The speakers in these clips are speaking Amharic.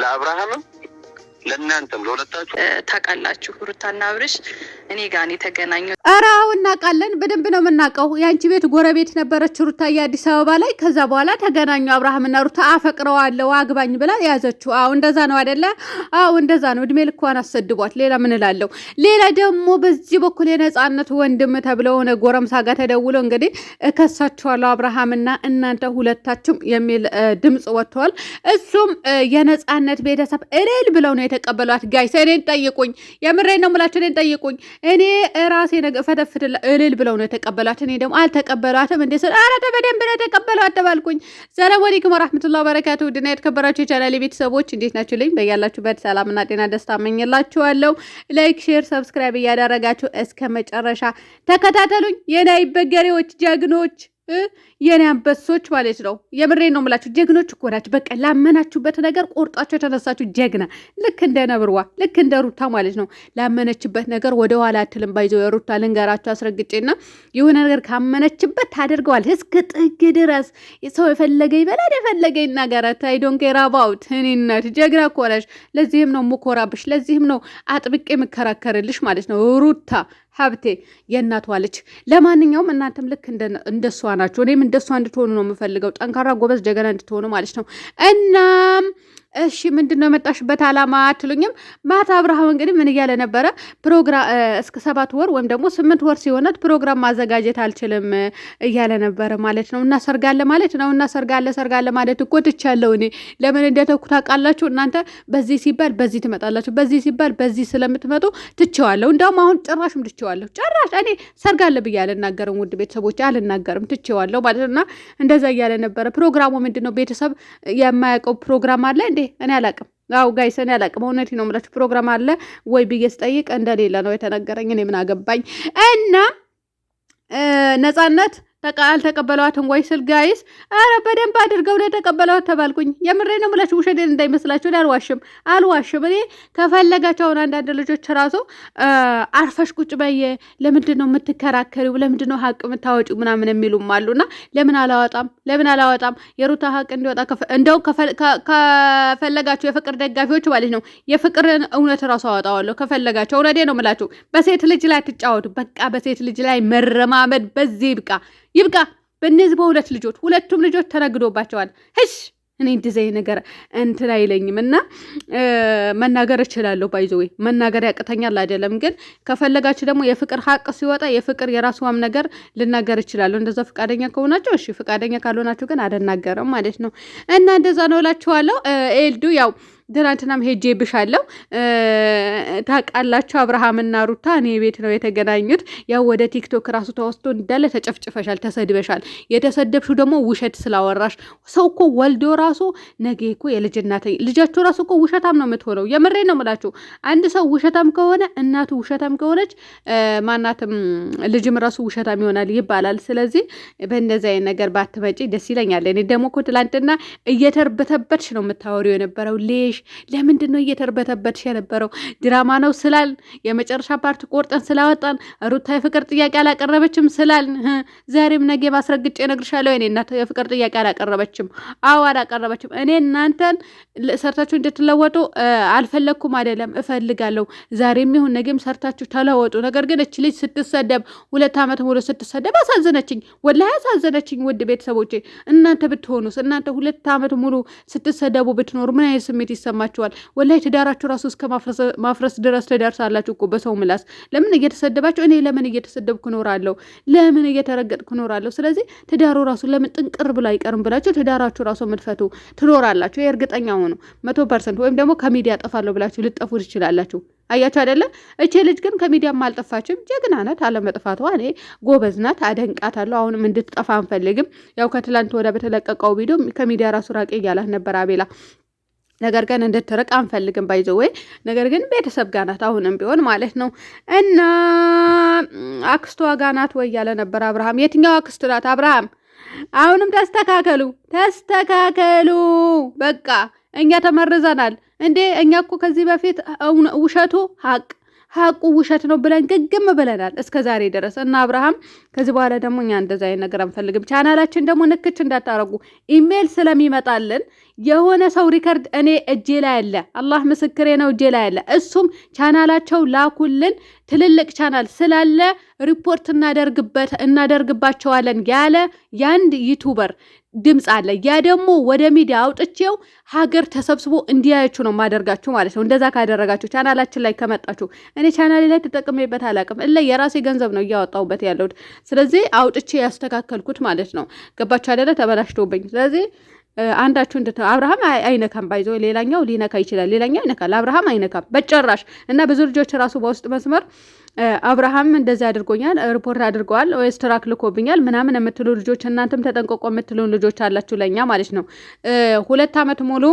ለአብርሃምም ለእናንተም ለሁለታችሁ ታውቃላችሁ። ሩታና አብርሽ እኔ ጋን ነው ኧረ አዎ እናውቃለን፣ በደንብ ነው የምናውቀው። የአንቺ ቤት ጎረቤት ነበረች ሩታ የአዲስ አበባ ላይ። ከዛ በኋላ ተገናኙ። አብርሃምና ሩታ አፈቅረዋለሁ አግባኝ ብላ የያዘችው። አዎ እንደዛ ነው አደለ? አዎ እንደዛ ነው። እድሜ ልኳን አሰድቧት። ሌላ ምን እላለሁ? ሌላ ደግሞ በዚህ በኩል የነጻነት ወንድም ተብለው ሆነ ጎረምሳ ጋር ተደውሎ እንግዲህ እከሳችኋለሁ አብርሃምና እናንተ ሁለታችሁም የሚል ድምፅ ወጥተዋል። እሱም የነጻነት ቤተሰብ እልል ብለው ነው የተቀበሏት ጋይስ እኔን ጠይቁኝ። የምሬን ነው የምላቸው። እኔን ጠይቁኝ። እኔ ራሴ ፈተፍትላ እልል ብለው ነው የተቀበሏት። እኔ ደግሞ አልተቀበሏትም እንዴ ስል አረ በደንብ ነው የተቀበሏት ተባልኩኝ። ሰላም አለይኩም ወራህመቱላሂ ወበረካቱ። ውድና የተከበራችሁ የቻናል ቤተሰቦች እንዴት ናችሁ? ልኝ በያላችሁበት ሰላምና ጤና ደስታ እመኝላችኋለሁ። ላይክ፣ ሼር፣ ሰብስክራይብ እያደረጋችሁ እስከ መጨረሻ ተከታተሉኝ። የናይ በገሬዎች ጀግኖች የኔ አንበሶች ማለት ነው። የምሬ ነው የምላችሁ፣ ጀግኖች እኮ ናችሁ። በቃ ላመናችሁበት ነገር ቆርጣችሁ የተነሳችሁ ጀግና፣ ልክ እንደ ነብርዋ፣ ልክ እንደ ሩታ ማለት ነው። ላመነችበት ነገር ወደ ኋላ አትልም። ባይዘው የሩታ ልንገራችሁ አስረግጬና የሆነ ነገር ካመነችበት ታደርገዋል እስከ ጥግ ድረስ። ሰው የፈለገ ይበላል፣ የፈለገ ይናገራት። አይዶን ኬር አባውት እኔናት ጀግና እኮ ነሽ። ለዚህም ነው የምኮራብሽ፣ ለዚህም ነው አጥብቄ የምከራከርልሽ ማለት ነው ሩታ ሀብቴ የእናቷ ልጅ። ለማንኛውም እናንተም ልክ እንደሷ ናቸው። እኔም እንደሷ እንድትሆኑ ነው የምፈልገው። ጠንካራ ጎበዝ፣ ጀገና እንድትሆኑ ማለት ነው። እናም እሺ ምንድን ነው የመጣሽበት አላማ አትሉኝም? ማታ አብርሃም እንግዲህ ምን እያለ ነበረ? ፕሮግራም እስከ ሰባት ወር ወይም ደግሞ ስምንት ወር ሲሆነት ፕሮግራም ማዘጋጀት አልችልም እያለ ነበረ ማለት ነው። እና ሰርጋለ ማለት ነው እናሰርጋለ ሰርጋለ ሰርጋለ ማለት እኮ ትቻለሁ እኔ ለምን እንደተኩ ታውቃላችሁ እናንተ። በዚህ ሲባል በዚህ ትመጣላችሁ፣ በዚህ ሲባል በዚህ ስለምትመጡ ትቼዋለሁ። እንደውም አሁን ጭራሽም ትቼዋለሁ። ጭራሽ እኔ ሰርጋለ ብዬ አልናገርም፣ ውድ ቤተሰቦች አልናገርም፣ ትቼዋለሁ ማለት ነው። እና እንደዛ እያለ ነበረ። ፕሮግራሙ ምንድን ነው? ቤተሰብ የማያውቀው ፕሮግራም አለ እንዴ እኔ አላቅም። አው ጋይስ እኔ አላቅም። እውነቴን ነው የምላችሁ። ፕሮግራም አለ ወይ ብዬ ስጠይቅ እንደሌለ ነው የተነገረኝ። እኔ ምን አገባኝ እና ነጻነት በቃ አልተቀበሏትም ወይ ስል ጋይስ፣ ኧረ በደንብ አድርገው ነው የተቀበሏት ተባልኩኝ። የምሬ ነው የምላችሁ፣ ውሸቴን እንዳይመስላችሁ። አልዋሽም አልዋሽም። እኔ ከፈለጋቸው አሁን አንዳንድ ልጆች ራሱ አርፈሽ ቁጭ በየ፣ ለምንድን ነው የምትከራከሪው? ለምንድን ነው ሀቅ የምታወጪው? ምናምን የሚሉም አሉና ለምን አላወጣም ለምን አላወጣም የሩታ ሀቅ እንዲወጣ እንደው ከፈለጋቸው የፍቅር ደጋፊዎች ማለት ነው የፍቅርን እውነት ራሱ አወጣዋለሁ ከፈለጋቸው። እውነቴ ነው የምላችሁ፣ በሴት ልጅ ላይ ትጫወቱ በቃ በሴት ልጅ ላይ መረማመድ በዚህ ብቃ ይብቃ። በእነዚህ በሁለት ልጆች ሁለቱም ልጆች ተረግዶባቸዋል። እሽ እኔ እንደዚህ ነገር እንትን አይለኝም እና መናገር እችላለሁ። ባይዘዌ መናገር ያቅተኛል አይደለም። ግን ከፈለጋችሁ ደግሞ የፍቅር ሀቅ ሲወጣ የፍቅር የራሷም ነገር ልናገር እችላለሁ። እንደዛ ፍቃደኛ ከሆናችሁ እሺ፣ ፍቃደኛ ካልሆናችሁ ግን አልናገርም ማለት ነው። እና እንደዛ ነው እላችኋለሁ። ኤልዱ ያው ትናንትናም ሄጄ ብሻለሁ። ታውቃላችሁ አብርሃምና ሩታ እኔ ቤት ነው የተገናኙት። ያው ወደ ቲክቶክ ራሱ ተወስዶ እንዳለ ተጨፍጭፈሻል፣ ተሰድበሻል። የተሰደብሽው ደግሞ ውሸት ስላወራሽ ሰው እኮ ወልዶ ራሱ ነገ እኮ የልጅ እናት ልጃችሁ ራሱ እኮ ውሸታም ነው የምትሆነው። የምሬ ነው የምላችሁ። አንድ ሰው ውሸታም ከሆነ እናቱ ውሸታም ከሆነች ማናትም ልጅም ራሱ ውሸታም ይሆናል ይባላል። ስለዚህ በእንደዚ አይነት ነገር ባትመጪ ደስ ይለኛል። እኔ ደግሞ እኮ ትላንትና እየተርበተበትሽ ነው የምታወሪው የነበረው ሌሽ ለምንድን ነው እየተርበተበትሽ የነበረው? ድራማ ነው ስላል የመጨረሻ ፓርት ቆርጠን ስላወጣን ሩታ የፍቅር ጥያቄ አላቀረበችም ስላል ዛሬም ነገ ባስረግጬ እነግርሻለሁ። የእኔ እናት የፍቅር ጥያቄ አላቀረበችም። አዎ አላቀረበችም። እኔ እናንተን ሰርታችሁ እንድትለወጡ አልፈለግኩም አይደለም፣ እፈልጋለሁ። ዛሬም ይሁን ነገም ሰርታችሁ ተለወጡ። ነገር ግን እች ልጅ ስትሰደብ ሁለት ዓመት ሙሉ ስትሰደብ አሳዘነችኝ፣ ወላሂ አሳዘነችኝ። ውድ ቤተሰቦቼ እናንተ ብትሆኑስ? እናንተ ሁለት ዓመት ሙሉ ስትሰደቡ ብትኖሩ ምን አይነት ስሜት ይሰ ይሰማችኋል። ወላይ ትዳራችሁ ራሱ እስከ ማፍረስ ድረስ ትደርሳላችሁ እኮ በሰው ምላስ። ለምን እየተሰደባችሁ እኔ ለምን እየተሰደብኩ እኖራለሁ? ለምን እየተረገጥኩ እኖራለሁ? ስለዚህ ትዳሩ ራሱ ለምን ጥንቅር ብሎ አይቀርም ብላችሁ ትዳራችሁ ራሱ ምትፈቱ ትኖራላችሁ። የእርግጠኛ ሆኑ መቶ ፐርሰንት። ወይም ደግሞ ከሚዲያ ጠፋለሁ ብላችሁ ልጠፉ ትችላላችሁ። አያችሁ አይደለ? እቼ ልጅ ግን ከሚዲያም አልጠፋችም። ጀግና ናት። አለመጥፋቷ እኔ ጎበዝ ናት፣ አደንቃታለሁ። አሁንም እንድትጠፋ አንፈልግም። ያው ከትላንት ወደ በተለቀቀው ቪዲዮ ከሚዲያ ራሱ ራቄ እያላት ነበር አቤላ ነገር ግን እንድትርቅ አንፈልግም። ወይ ነገር ግን ቤተሰብ ጋናት አሁንም ቢሆን ማለት ነው። እና አክስቷ ጋናት ወይ ያለ ነበር አብርሃም። የትኛው አክስት ናት አብርሃም? አሁንም ተስተካከሉ፣ ተስተካከሉ። በቃ እኛ ተመርዘናል እንዴ! እኛ እኮ ከዚህ በፊት ውሸቱ ሀቅ ሀቁ ውሸት ነው ብለን ግግም ብለናል እስከ ዛሬ ድረስ እና አብርሃም ከዚህ በኋላ ደግሞ እኛ እንደዛ አይነት ነገር አንፈልግም። ቻናላችን ደግሞ ንክች እንዳታረጉ ኢሜል ስለሚመጣልን የሆነ ሰው ሪከርድ እኔ እጄ ላይ አለ፣ አላህ ምስክሬ ነው እጄ ላይ አለ። እሱም ቻናላቸው ላኩልን ትልልቅ ቻናል ስላለ ሪፖርት እናደርግበት እናደርግባቸዋለን ያለ የአንድ ዩቱበር ድምፅ አለ። ያ ደግሞ ወደ ሚዲያ አውጥቼው ሀገር ተሰብስቦ እንዲያያችሁ ነው ማደርጋችሁ ማለት ነው። እንደዛ ካደረጋችሁ ቻናላችን ላይ ከመጣችሁ፣ እኔ ቻናሌ ላይ ተጠቅሜበት አላቅም እላ የራሴ ገንዘብ ነው እያወጣሁበት ያለሁት። ስለዚህ አውጥቼ ያስተካከልኩት ማለት ነው። ገባችሁ አይደለ? ተበላሽቶብኝ ስለዚህ አንዳችሁ እንድት አብርሃም አይነካም፣ ባይዞ ሌላኛው ሊነካ ይችላል፣ ሌላኛው አይነካል፣ አብርሃም አይነካም በጭራሽ። እና ብዙ ልጆች ራሱ በውስጥ መስመር አብርሃም እንደዚህ አድርጎኛል፣ ሪፖርት አድርገዋል፣ ወይስ ትራክ ልኮብኛል ምናምን የምትሉ ልጆች እናንተም ተጠንቀቆ የምትሉ ልጆች አላችሁ፣ ለእኛ ማለት ነው። ሁለት ዓመት ሙሉ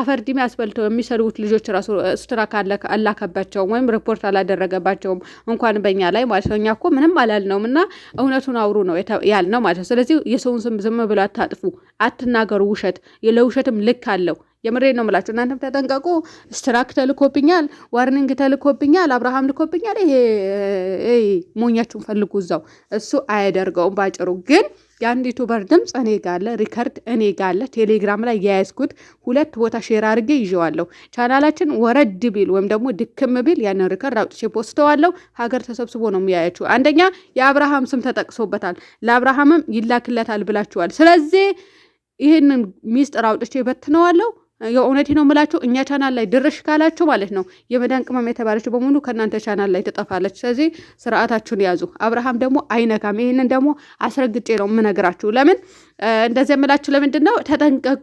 አፈርዲም አስበልተው የሚሰድቡት ልጆች ራሱ ስትራክ አላከባቸውም ወይም ሪፖርት አላደረገባቸውም እንኳን በእኛ ላይ ማለት ነው። እኛ እኮ ምንም አላልነውም እና እውነቱን አውሩ ነው ያልነው ማለት ነው። ስለዚህ የሰውን ስም ዝም ብሎ አታጥፉ፣ አትናገሩ ውሸት። ለውሸትም ልክ አለው የምሬ ነው የምላችሁ። እናንተም ተጠንቀቁ። ስትራክ ተልኮብኛል፣ ዋርኒንግ ተልኮብኛል፣ አብርሃም ልኮብኛል። ይሄ ሞኛችሁን ፈልጉ እዛው። እሱ አያደርገውም። ባጭሩ ግን የአንድ ዩቱበር ድምፅ እኔ ጋለ ሪከርድ እኔ ጋለ ቴሌግራም ላይ የያዝኩት ሁለት ቦታ ሼር አድርጌ ይዤዋለሁ። ቻናላችን ወረድ ቢል ወይም ደግሞ ድክም ቢል ያንን ሪከርድ አውጥቼ ፖስተዋለሁ። ሀገር ተሰብስቦ ነው የሚያያችው። አንደኛ የአብርሃም ስም ተጠቅሶበታል። ለአብርሃምም ይላክለታል ብላችኋል። ስለዚህ ይህንን ሚስጥር አውጥቼ በትነዋለሁ። የእውነቴ ነው የምላችሁ እኛ ቻናል ላይ ድርሽ ካላችሁ ማለት ነው የመዳን ቅመም የተባለችው በሙሉ ከእናንተ ቻናል ላይ ትጠፋለች። ስለዚህ ስርዓታችሁን ያዙ። አብርሃም ደግሞ አይነካም። ይህንን ደግሞ አስረግጬ ነው የምነግራችሁ። ለምን እንደዚህ የምላችሁ ለምንድን ነው? ተጠንቀቁ።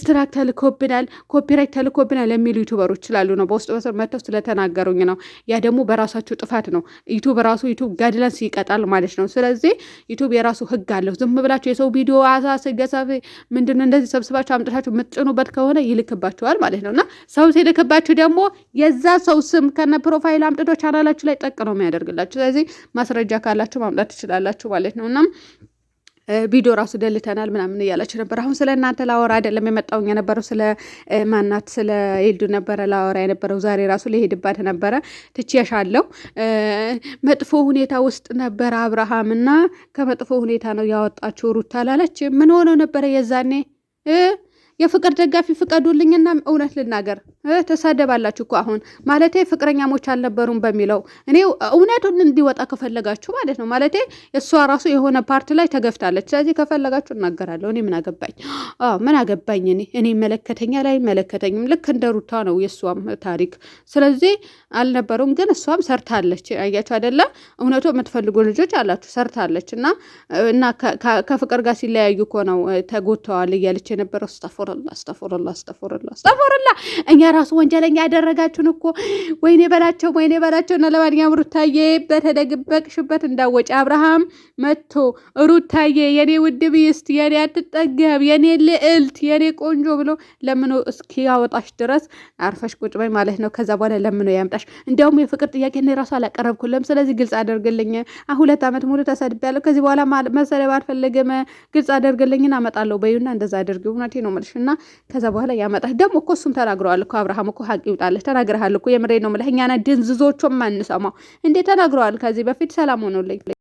ስትራክ ተልኮብናል፣ ኮፒራይት ተልኮብናል የሚሉ ዩቱበሮች ስላሉ ነው። በውስጥ በስር መጥተው ስለተናገሩኝ ነው። ያ ደግሞ በራሳችሁ ጥፋት ነው። ዩቱብ ራሱ ዩቱብ ጋድለንስ ይቀጣል ማለት ነው። ስለዚህ ዩቱብ የራሱ ህግ አለው። ዝም ብላችሁ የሰው ቪዲዮ አሳስ ገሳፌ ምንድን እንደዚህ ሰብስባችሁ አምጥታችሁ የምትጭኑበት ከሆነ ይልክባቸዋል ማለት ነው። እና ሰው ሲልክባችሁ ደግሞ የዛ ሰው ስም ከነ ፕሮፋይል አምጥቶ ቻናላችሁ ላይ ጠቅ ነው የሚያደርግላችሁ። ስለዚህ ማስረጃ ካላችሁ ማምጣት ትችላላችሁ ማለት ነው እና ቪዲዮ ራሱ ደልተናል ምናምን እያላችሁ ነበር። አሁን ስለ እናንተ ላወራ አይደለም የመጣውኝ የነበረው ስለ ማናት ስለ ሄልዱ ነበረ ላወራ የነበረው። ዛሬ ራሱ ሊሄድባት ነበረ ትቼሻለሁ። መጥፎ ሁኔታ ውስጥ ነበረ አብርሃም እና ከመጥፎ ሁኔታ ነው ያወጣችው ሩታ ላለች ምን ሆነው ነበረ የዛኔ የፍቅር ደጋፊ ፍቀዱልኝና እውነት ልናገር ተሳደባላችሁ እኮ አሁን ማለቴ ፍቅረኛሞች አልነበሩም በሚለው እኔ እውነቱን እንዲወጣ ከፈለጋችሁ ማለት ነው። ማለት እሷ ራሱ የሆነ ፓርት ላይ ተገፍታለች። ስለዚህ ከፈለጋችሁ እናገራለሁ። እኔ ምን አገባኝ? ምን አገባኝ? እኔ እኔ መለከተኛ ላይ መለከተኝም ልክ እንደ ሩታ ነው የእሷም ታሪክ። ስለዚህ አልነበሩም፣ ግን እሷም ሰርታለች። አያችሁ አይደለ? እውነቱ የምትፈልጉ ልጆች አላችሁ፣ ሰርታለች እና እና ከፍቅር ጋር ሲለያዩ እኮ ነው ተጎድተዋል እያለች የነበረው ስጠፎ አስተፎረላ አስተፎረላ አስተፎረላ አስተፎረላ። እኛ ራሱ ወንጀለኛ ያደረጋችሁን እኮ ወይኔ በላቸው ወይኔ በላቸው። እና ለማንኛውም ሩታዬ በተደበቅሽበት እንዳወጭ አብርሃም መጥቶ ሩታዬ የኔ ውድ ብይስት፣ የኔ አትጠገብ፣ የኔ ልዕልት፣ የኔ ቆንጆ ብሎ ለምኖ እስኪያወጣሽ ድረስ አርፈሽ ቁጭ በይ ማለት ነው። ከዛ በኋላ ለምኖ ያምጣሽ። እንዲያውም የፍቅር ጥያቄ እኔ ራሱ አላቀረብኩለም። ስለዚህ ግልጽ አደርግልኝ። ሁለት ዓመት ሙሉ ተሰድቤያለሁ። ከዚህ በኋላ መሰደብ አልፈለገም። ግልጽ አደርግልኝን አመጣለሁ በዩና እንደዛ አደርግ። እውነቴ ነው የምልሽ። እና ከዛ በኋላ ያመጣ ደግሞ እኮ እሱም ተናግረዋል እኮ አብርሃም እኮ ሀቅ ይውጣለህ ተናግረሃል እኮ የምሬ ነው የምልህ። እኛና ድንዝዞቹም አንሰማው እንዴ ተናግረዋል። ከዚህ በፊት ሰላም ሆኖልኝ